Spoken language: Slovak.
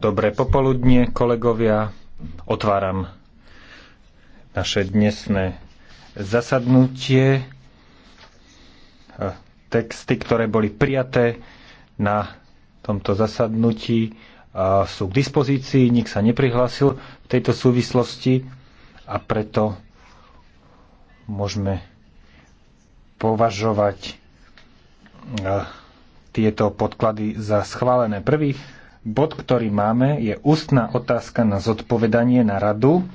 Dobré popoludnie, kolegovia. Otváram naše dnesné zasadnutie. Texty, ktoré boli prijaté na tomto zasadnutí, sú k dispozícii. Nik sa neprihlásil v tejto súvislosti a preto môžeme považovať tieto podklady za schválené. Prvý bod, ktorý máme, je ústna otázka na zodpovedanie na radu.